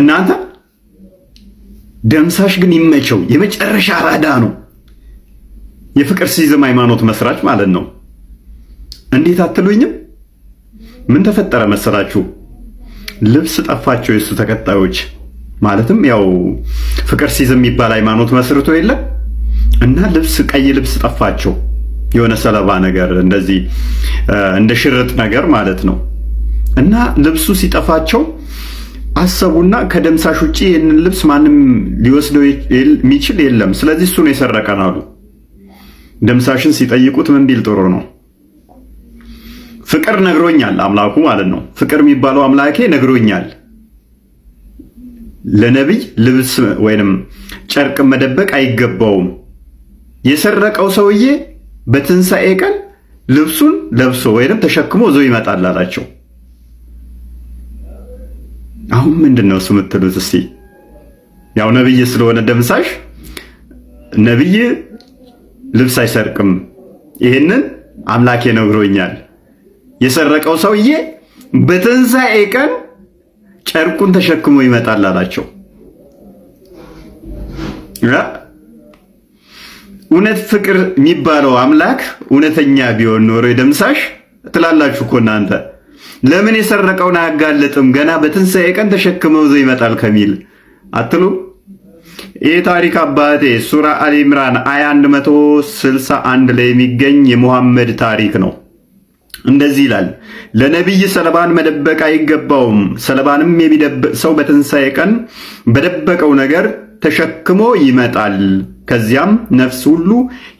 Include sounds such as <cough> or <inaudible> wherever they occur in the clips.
እናንተ ደምሳሽ ግን ይመቸው፣ የመጨረሻ አራዳ ነው። የፍቅር ሲዝም ሃይማኖት መስራች ማለት ነው። እንዴት አትሉኝም? ምን ተፈጠረ መሰላችሁ? ልብስ ጠፋቸው የእሱ ተከታዮች። ማለትም ያው ፍቅር ሲዝም የሚባል ሃይማኖት መስርቶ የለም እና ልብስ ቀይ ልብስ ጠፋቸው። የሆነ ሰለባ ነገር እንደዚህ እንደ ሽርጥ ነገር ማለት ነው እና ልብሱ ሲጠፋቸው አሰቡና ከደምሳሽ ውጭ ይህንን ልብስ ማንም ሊወስደው የሚችል የለም፣ ስለዚህ እሱ ነው የሰረቀን አሉ። ደምሳሽን ሲጠይቁት ምን ቢል ጥሩ ነው? ፍቅር ነግሮኛል፣ አምላኩ ማለት ነው። ፍቅር የሚባለው አምላኬ ነግሮኛል ለነቢይ ልብስ ወይንም ጨርቅ መደበቅ አይገባውም። የሰረቀው ሰውዬ በትንሣኤ ቀን ልብሱን ለብሶ ወይንም ተሸክሞ ይዞ ይመጣል አላቸው። አሁን ምንድን ነው እሱ የምትሉት? እስቲ ያው ነብይ ስለሆነ ደምሳሽ ነብይ ልብስ አይሰርቅም፣ ይሄንን አምላኬ ነግሮኛል። የሰረቀው ሰውዬ በትንሣኤ ቀን ጨርቁን ተሸክሞ ይመጣል አላቸው። እውነት ፍቅር የሚባለው አምላክ እውነተኛ ቢሆን ኖሮ የደምሳሽ ትላላችሁ እኮ እናንተ ለምን የሰረቀውን አያጋልጥም? ገና በትንሣኤ ቀን ተሸክመው ዘ ይመጣል ከሚል አትሉ? ይህ ታሪክ አባቴ ሱራ አልኢምራን አያ 161 ላይ የሚገኝ የሙሐመድ ታሪክ ነው። እንደዚህ ይላል፣ ለነቢይ ሰለባን መደበቅ አይገባውም። ሰለባንም የሚደብቅ ሰው በትንሣኤ ቀን በደበቀው ነገር ተሸክሞ ይመጣል። ከዚያም ነፍስ ሁሉ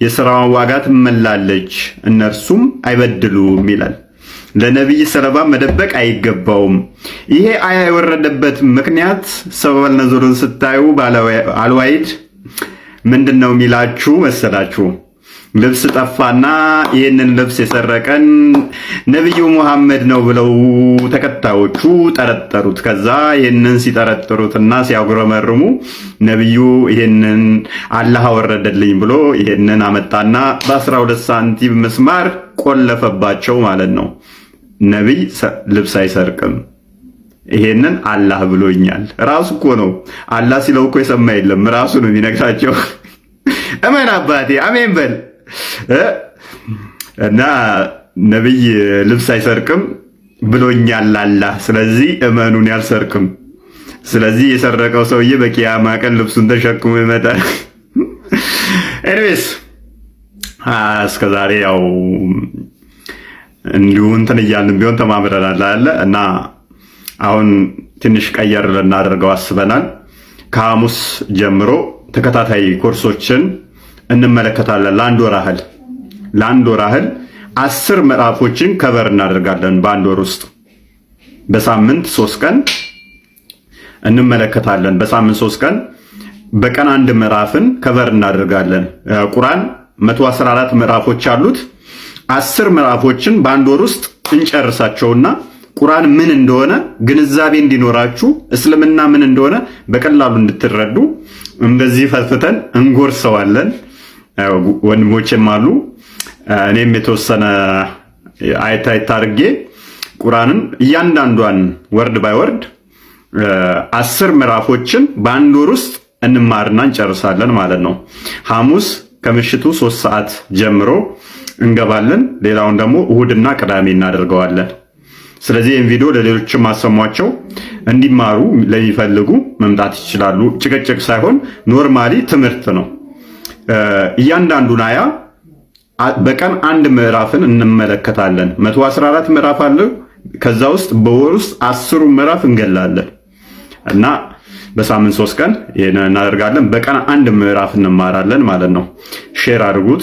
የሥራዋን ዋጋ ትመላለች፣ እነርሱም አይበድሉም ይላል። ለነቢይ ሰለባ መደበቅ አይገባውም። ይሄ አያ የወረደበት ምክንያት ሰበበል ነዙርን ስታዩ አልዋይድ ምንድን ነው የሚላችሁ መሰላችሁ? ልብስ ጠፋና ይህንን ልብስ የሰረቀን ነቢዩ ሙሐመድ ነው ብለው ተከታዮቹ ጠረጠሩት። ከዛ ይህንን ሲጠረጥሩትና ሲያጉረመርሙ ነቢዩ ይህንን አላህ አወረደልኝ ብሎ ይህንን አመጣና በ12 ሳንቲም ምስማር ቆለፈባቸው ማለት ነው። ነቢይ ልብስ አይሰርቅም። ይሄንን አላህ ብሎኛል። ራሱ እኮ ነው አላህ ሲለው እኮ የሰማ የለም ራሱ ነው የሚነግራቸው። <laughs> እመን አባቴ አሜን በል እና ነቢይ ልብስ አይሰርቅም ብሎኛል አላህ። ስለዚህ እመኑን ያልሰርቅም። ስለዚህ የሰረቀው ሰውዬ በቂያማ ቀን ልብሱን ተሸክሞ ይመጣል። <laughs> ኤኒዌይስ እስከዛሬ ያው እንዲሁ እንትን እያልን ቢሆን ተማምረናል አለ እና አሁን ትንሽ ቀየር ልናደርገው አስበናል። ከሐሙስ ጀምሮ ተከታታይ ኮርሶችን እንመለከታለን። ለአንድ ወር ያህል ለአንድ ወር ያህል አስር ምዕራፎችን ከበር እናደርጋለን። በአንድ ወር ውስጥ በሳምንት ሶስት ቀን እንመለከታለን። በሳምንት ሶስት ቀን በቀን አንድ ምዕራፍን ከበር እናደርጋለን። ቁርአን 114 ምዕራፎች አሉት። አስር ምዕራፎችን በአንድ ወር ውስጥ እንጨርሳቸውና ቁርአን ምን እንደሆነ ግንዛቤ እንዲኖራችሁ እስልምና ምን እንደሆነ በቀላሉ እንድትረዱ እንደዚህ ፈትፍተን እንጎርሰዋለን። ወንድሞቼም አሉ እኔም የተወሰነ አየት አየት አድርጌ ቁርአንን እያንዳንዷን ወርድ ባይ ወርድ አስር ምዕራፎችን በአንድ ወር ውስጥ እንማርና እንጨርሳለን ማለት ነው። ሐሙስ ከምሽቱ ሶስት ሰዓት ጀምሮ እንገባለን። ሌላውን ደግሞ እሁድና ቅዳሜ እናደርገዋለን። ስለዚህ ይህን ቪዲዮ ለሌሎችም ማሰሟቸው እንዲማሩ ለሚፈልጉ መምጣት ይችላሉ። ጭቅጭቅ ሳይሆን ኖርማሊ ትምህርት ነው። እያንዳንዱን አያ በቀን አንድ ምዕራፍን እንመለከታለን። 114 ምዕራፍ አለው። ከዛ ውስጥ በወር ውስጥ አስሩ ምዕራፍ እንገላለን እና በሳምንት ሶስት ቀን እናደርጋለን። በቀን አንድ ምዕራፍ እንማራለን ማለት ነው። ሼር አድርጉት፣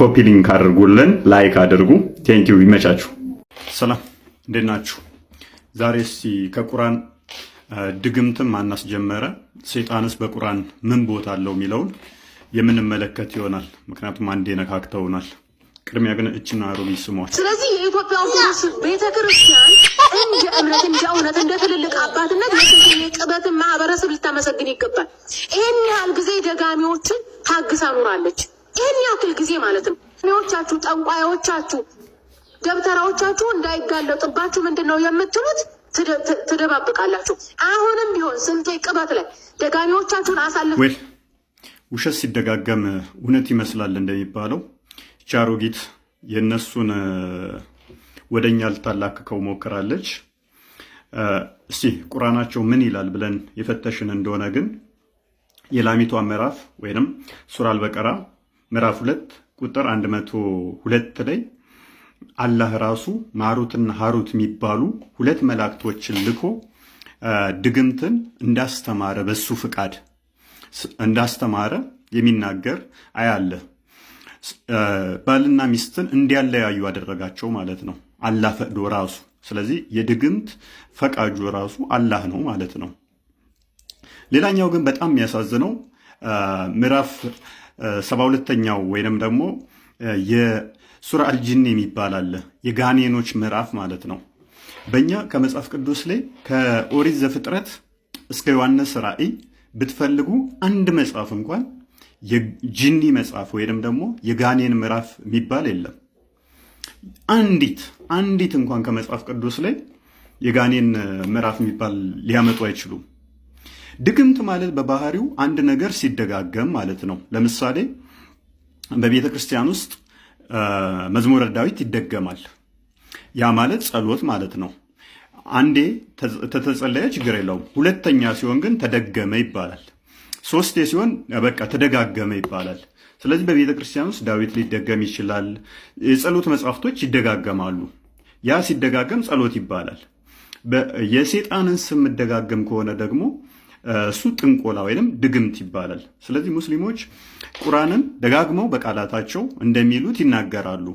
ኮፒ ሊንክ አድርጉልን፣ ላይክ አድርጉ። ቴንኪው። ይመቻችሁ። ሰላም፣ እንዴት ናችሁ? ዛሬ እስቲ ከቁራን ድግምትም አናስጀመረ ሴጣንስ በቁራን ምን ቦታ አለው የሚለውን የምንመለከት ይሆናል። ምክንያቱም አንዴ ነካክተውናል። ቅድሚያ ግን እችና ሮቢ ስሟል። ስለዚህ የኢትዮጵያ ኦርቶዶክስ ቤተክርስቲያን እንደ እምነት እንደ እውነት እንደ ትልልቅ አባትነት ልታመሰግን ይገባል። ይህን ያህል ጊዜ ደጋሚዎችን ታግሳ ኑራለች። ይህን ያክል ጊዜ ማለት ነው። ዎቻችሁ ጠንቋዮቻችሁ፣ ደብተራዎቻችሁ እንዳይጋለጥባችሁ ምንድን ነው የምትሉት? ትደባብቃላችሁ። አሁንም ቢሆን ስንቴ ቅበት ላይ ደጋሚዎቻችሁን አሳልፍ። ውሸት ሲደጋገም እውነት ይመስላል እንደሚባለው ቻሮጊት የእነሱን ወደኛ ልታላክከው ሞክራለች። እስቲ ቁራናቸው ምን ይላል ብለን የፈተሽን እንደሆነ ግን የላሚቷ ምዕራፍ ወይም ሱራ አልበቀራ ምዕራፍ ሁለት ቁጥር 102 ላይ አላህ ራሱ ማሩትና ሀሩት የሚባሉ ሁለት መላእክቶችን ልኮ ድግምትን እንዳስተማረ በሱ ፍቃድ እንዳስተማረ የሚናገር አያለ ባልና ሚስትን እንዲያለያዩ አደረጋቸው ማለት ነው። አላህ ፈቅዶ ራሱ ስለዚህ የድግምት ፈቃጁ ራሱ አላህ ነው ማለት ነው። ሌላኛው ግን በጣም የሚያሳዝነው ምዕራፍ ሰባ ሁለተኛው ወይንም ደግሞ የሱራ አልጅን የሚባል አለ የጋኔኖች ምዕራፍ ማለት ነው። በእኛ ከመጽሐፍ ቅዱስ ላይ ከኦሪት ዘፍጥረት እስከ ዮሐንስ ራእይ ብትፈልጉ አንድ መጽሐፍ እንኳን የጂኒ መጽሐፍ ወይንም ደግሞ የጋኔን ምዕራፍ የሚባል የለም። አንዲት አንዲት እንኳን ከመጽሐፍ ቅዱስ ላይ የጋኔን ምዕራፍ የሚባል ሊያመጡ አይችሉም። ድግምት ማለት በባህሪው አንድ ነገር ሲደጋገም ማለት ነው። ለምሳሌ በቤተ ክርስቲያን ውስጥ መዝሙረ ዳዊት ይደገማል። ያ ማለት ጸሎት ማለት ነው። አንዴ ተተጸለየ ችግር የለውም። ሁለተኛ ሲሆን ግን ተደገመ ይባላል። ሶስቴ ሲሆን በቃ ተደጋገመ ይባላል። ስለዚህ በቤተ ክርስቲያን ውስጥ ዳዊት ሊደገም ይችላል። የጸሎት መጽሐፍቶች ይደጋገማሉ። ያ ሲደጋገም ጸሎት ይባላል። የሴጣንን ስም የምደጋገም ከሆነ ደግሞ እሱ ጥንቆላ ወይም ድግምት ይባላል። ስለዚህ ሙስሊሞች ቁራንን ደጋግመው በቃላታቸው እንደሚሉት ይናገራሉ።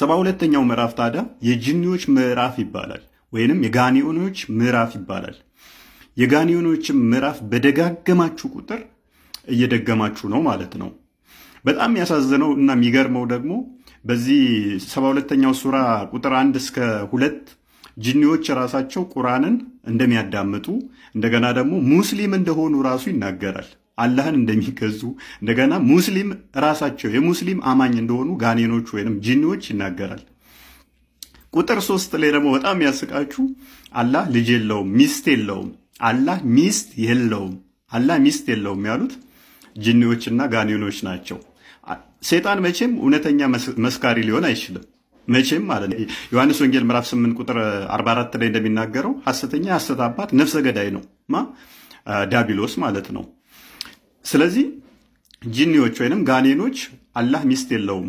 ሰባ ሁለተኛው ምዕራፍ ታዲያ የጅኒዎች ምዕራፍ ይባላል፣ ወይንም የጋኔኖች ምዕራፍ ይባላል። የጋኔኖችን ምዕራፍ በደጋገማችሁ ቁጥር እየደገማችሁ ነው ማለት ነው። በጣም ያሳዝነው እና የሚገርመው ደግሞ በዚህ ሰባ ሁለተኛው ሱራ ቁጥር አንድ እስከ ሁለት ጅኒዎች ራሳቸው ቁርአንን እንደሚያዳምጡ እንደገና ደግሞ ሙስሊም እንደሆኑ ራሱ ይናገራል። አላህን እንደሚገዙ እንደገና ሙስሊም ራሳቸው የሙስሊም አማኝ እንደሆኑ ጋኔኖች ወይም ጅኒዎች ይናገራል። ቁጥር ሶስት ላይ ደግሞ በጣም ያስቃችሁ አላህ ልጅ የለውም ሚስት የለውም አላህ ሚስት የለውም፣ አላህ ሚስት የለውም ያሉት ጅኒዎችና ጋኔኖች ናቸው። ሴጣን መቼም እውነተኛ መስካሪ ሊሆን አይችልም። መቼም ማለት ነው። ዮሐንስ ወንጌል ምዕራፍ 8 ቁጥር 44 ላይ እንደሚናገረው ሐሰተኛ ሐሰት አባት ነፍሰ ገዳይ ነው ማ ዳቢሎስ ማለት ነው። ስለዚህ ጂኒዎች ወይንም ጋኔኖች አላህ ሚስት የለውም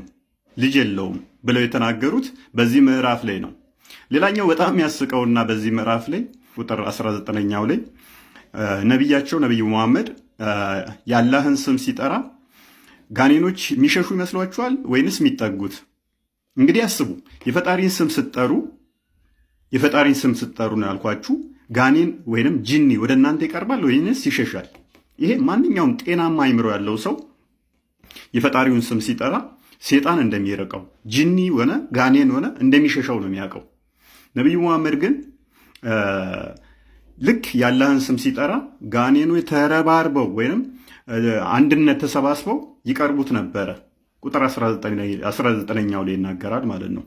ልጅ የለውም ብለው የተናገሩት በዚህ ምዕራፍ ላይ ነው። ሌላኛው በጣም ያስቀውና በዚህ ምዕራፍ ላይ ቁጥር 19ኛው ላይ ነቢያቸው ነቢዩ መሐመድ የአላህን ስም ሲጠራ ጋኔኖች የሚሸሹ ይመስሏችኋል ወይንስ የሚጠጉት? እንግዲህ አስቡ። የፈጣሪን ስም ስትጠሩ የፈጣሪን ስም ስትጠሩ ነው ያልኳችሁ። ጋኔን ወይንም ጂኒ ወደ እናንተ ይቀርባል ወይንስ ይሸሻል? ይሄ ማንኛውም ጤናማ አይምሮ ያለው ሰው የፈጣሪውን ስም ሲጠራ ሴጣን እንደሚርቀው ጂኒ ሆነ ጋኔን ሆነ እንደሚሸሻው ነው የሚያውቀው። ነቢዩ መሐመድ ግን ልክ ያለህን ስም ሲጠራ ጋኔኑ ተረባርበው ወይም አንድነት ተሰባስበው ይቀርቡት ነበረ። ቁጥር 19ኛው ላይ ይናገራል ማለት ነው።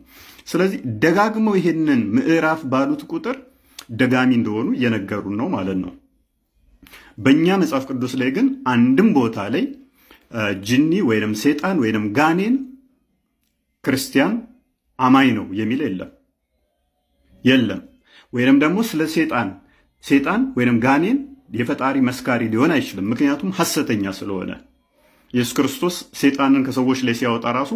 ስለዚህ ደጋግመው ይሄንን ምዕራፍ ባሉት ቁጥር ደጋሚ እንደሆኑ እየነገሩን ነው ማለት ነው። በእኛ መጽሐፍ ቅዱስ ላይ ግን አንድም ቦታ ላይ ጅኒ ወይንም ሴጣን ወይንም ጋኔን ክርስቲያን አማኝ ነው የሚል የለም የለም። ወይንም ደግሞ ስለ ሴጣን ሴጣን ወይንም ጋኔን የፈጣሪ መስካሪ ሊሆን አይችልም። ምክንያቱም ሐሰተኛ ስለሆነ ኢየሱስ ክርስቶስ ሴጣንን ከሰዎች ላይ ሲያወጣ ራሱ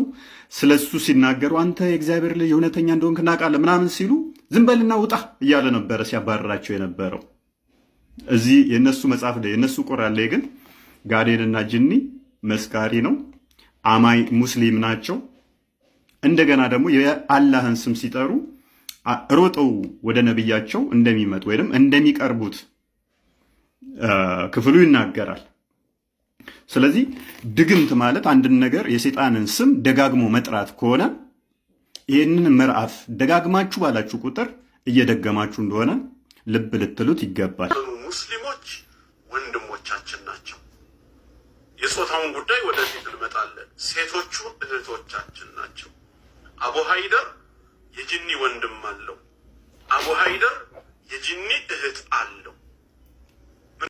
ስለ እሱ ሲናገሩ አንተ የእግዚአብሔር ልጅ እውነተኛ እንደሆንክ እናውቃለን ምናምን ሲሉ ዝም በልና ውጣ እያለ ነበረ ሲያባረራቸው የነበረው። እዚህ የእነሱ መጽሐፍ ላይ የእነሱ ቁርአን ላይ ግን ጋኔንና ጅኒ መስካሪ ነው፣ አማኝ ሙስሊም ናቸው። እንደገና ደግሞ የአላህን ስም ሲጠሩ ሮጠው ወደ ነቢያቸው እንደሚመጡ ወይም እንደሚቀርቡት ክፍሉ ይናገራል። ስለዚህ ድግምት ማለት አንድን ነገር የሰይጣንን ስም ደጋግሞ መጥራት ከሆነ ይህንን ምዕራፍ ደጋግማችሁ ባላችሁ ቁጥር እየደገማችሁ እንደሆነ ልብ ልትሉት ይገባል። ሙስሊሞች ወንድሞቻችን ናቸው። የጾታውን ጉዳይ ወደፊት እንመጣለን። ሴቶቹ እህቶቻችን ናቸው። አቡ ሀይደር የጅኒ ወንድም አለው። አቡ ሀይደር የጅኒ እህት አለው።